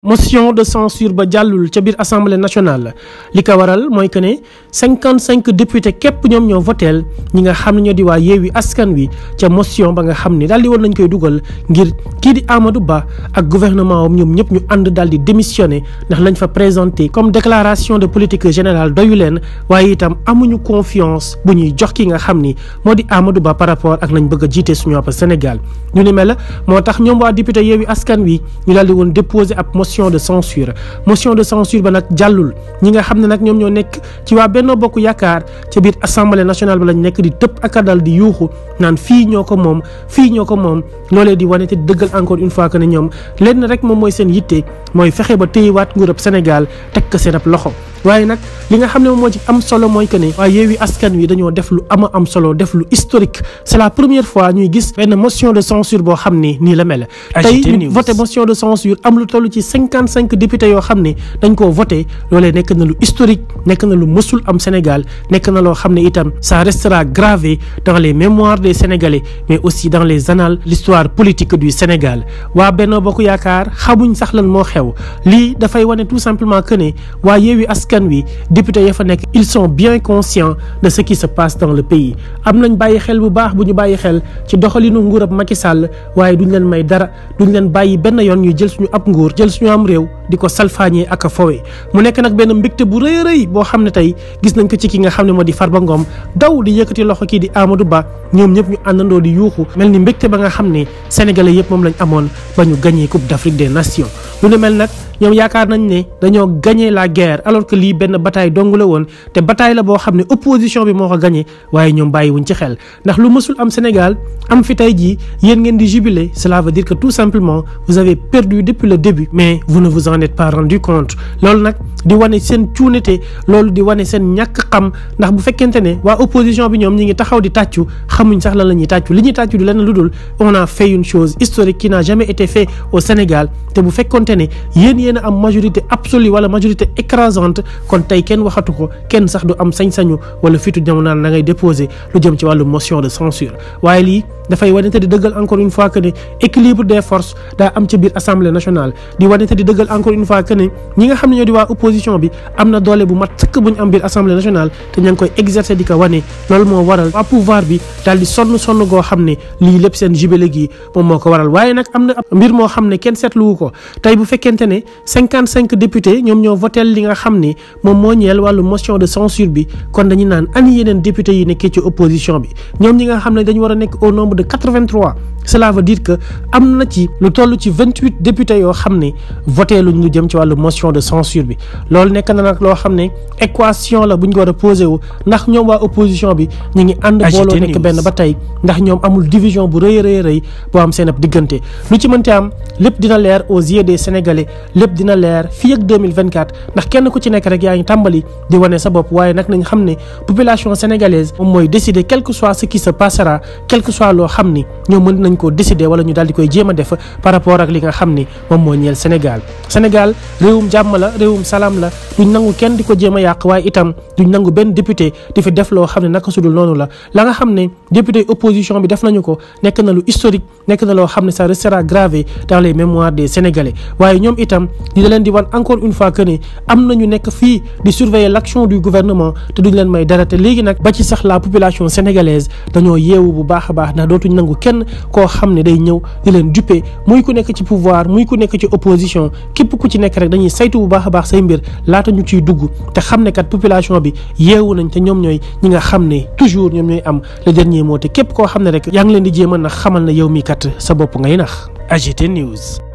motion de censure ba jàllul ca biir assemblée nationale li ko waral mooy que ne cinquante cinq député képp ñoom ñoo voteel ñi nga xam ne ñoo di waa yeewi askan wi ca motion ba nga xam ni daal di woon nañ koy dugal ngir kii di Amadou Ba ak gouvernement am ñoom ñëpp ñu ànd daal di démissionné ndax lañ fa présenté comme déclaration de politique générale doyu leen waaye itam amuñu confiance bu ñuy jox ki nga xam ni moo di Amadou Ba par rapport ak nañ bëgg a jiite suñu Sénégal ñu motion de censure motion de censure ba nag jàllul ñi nga xam ne nag ñoom ñoo nekk ci waa Benno Bokk Yaakaar ca biir assemblée nationale ba lañ nekk di tëpp ak a dal di yuuxu naan fii ñoo ko moom fii ñoo ko moom loolee di wane te dëggal encore une fois que ne ñoom lenn rek moom mooy seen yitte mooy fexe ba téyewaat nguurab Sénégal teg ko seen ab loxo. waaye nag li nga xam ne moom moo ci am solo mooy que ne waaye yeewi askan wi dañoo def lu ama am solo def lu historique c'est la première fois ñuy gis benn motion de censure boo xam ne nii la mel tey ñu voté motion de censure am lu tollu ci cinquante cinq députés yoo xam ne dañ koo voté loolee nekk na lu historique nekk na lu mësul am Sénégal nekk na loo xam ne itam ça restera gravé dans les mémoires des Sénégalais mais aussi dans les annales l'histoire politique du Sénégal waa Benno Bokk Yaakaar xamuñ sax lan moo xew lii dafay wane tout simplement askan wi député ya fa nekk ils sont bien conscients de ce qui se passe dans le pays am nañ bàyyi xel bu baax bu ñu bàyyi xel ci doxalinu nguurab Macky Sall waaye duñ leen may dara duñ leen bàyyi benn yoon ñuy jël suñu ab nguur jël suñu am réew di ko salfaañee ak a fowe mu nekk nag benn mbégte bu rëy rëy boo xam ne tey gis nañ ko ci ki nga xam ne moo di Farba Ngom daw di yëkkati loxo kii di Amadou Ba ñoom ñëpp ñu àndandoo di yuuxu mel ni mbégte ba nga xam ne sénégalais yëpp moom lañ amoon ba ñu gagné coupe d'Afrique des nations lu ne mel nag ñoom yaakaar nañ ne dañoo gagné la guerre alors que lii benn bataille dong la woon te bataille la boo xam ne opposition bi moo ko gagné waaye ñoom bàyyiwuñ ci xel ndax lu mësul am Sénégal am fi tey s'en est pas rendu compte loolu nag di wane seen cuunete loolu di wane seen ñàkk xam ndax bu fekkente ne waa opposition bi ñoom ñi ngi taxaw di tàccu xamuñ sax lan la ñuy tàccu li ñuy tàccu di lenn lu dul on a fait une chose historique qui n'a jamais été fait au Sénégal te bu fekkonte ne yéen yéen a am majorité absolue wala majorité écrasante kon tey kenn waxatu ko kenn sax du am sañ-sañu wala fitu jamono naan na ngay déposer lu jëm ci wàllu motion de censure waaye lii dafay wane te di dëggal encore une fois que ne ñi nga xam ne ñoo di waa opposition bi am na doole bu mat sëkk bu ñu am mbir moo xam ne kenn seetluwu ko tey bu fekkente ne cinquante ñoom ñoo voteel li nga xam ne moom moo ñeel wàllu motion de censure bi kon dañu naan ani yeneen députés yi nekkee ci opposition bi ñoom ñi nga xam ne dañu war a nekk au nombre de 83 cela veut dire que am na ci lu toll ci 28 yoo xam ne voté lu jëm ci wàllu motion de censure bi loolu nekk na nag loo xam ne équation la bu ñu ko war a posé wu ndax ñoom waa opposition bi ñu ngi ànd booloo nekk benn ba tey ndax ñoom amul division bu rëy rëy rëy boo am seen ab diggante lu ci mënti am lépp dina leer aux yeux des sénégalais lépp dina leer fii ak 2024 ndax kenn ku ci nekk rek yaa ngi tàmbali di wane sa bopp waaye nag nañ xam ne population sénégalaise moom mooy décider quel que soit ce qui se passera quel que soit loo xam ni ñoom mën nañ koo décider wala ñu daal di koy jéem def par rapport ak li nga xam ni moom moo ñeel Sénégal réewum jàmm la réewum salaam la duñ nangu kenn di ko jéem a yàq waaye itam duñ nangu benn député di fi def loo xam ne naka sudul noonu la la nga xam ne député opposition bi def nañu ko nekk na lu historique nekk loo xam ne ça restera gravé dans les mémoires des Sénégalais waaye ñoom itam di leen di wan encore une fois que ne am nañu nekk fii di surveiller l'action du gouvernement te duñ leen may dara te léegi nag ba ci sax la population sénégalaise dañoo yeewu bu baax a baax ndax dootuñ nangu kenn koo xam ne day ñëw di leen duppe muy ku nekk ci pouvoir muy ku nekk ci opposition képp ci nekk rek dañuy saytu bu baax a baax say mbir laata ñu ciy dugg te xam ne kat population bi yeewu nañ te ñoom ñooy ñi nga xam ne toujours ñoom ñooy am le dernier mot te képp koo xam ne rek yaa ngi leen di jéem a xamal na yow mi kat sa bopp ngay nax AGT News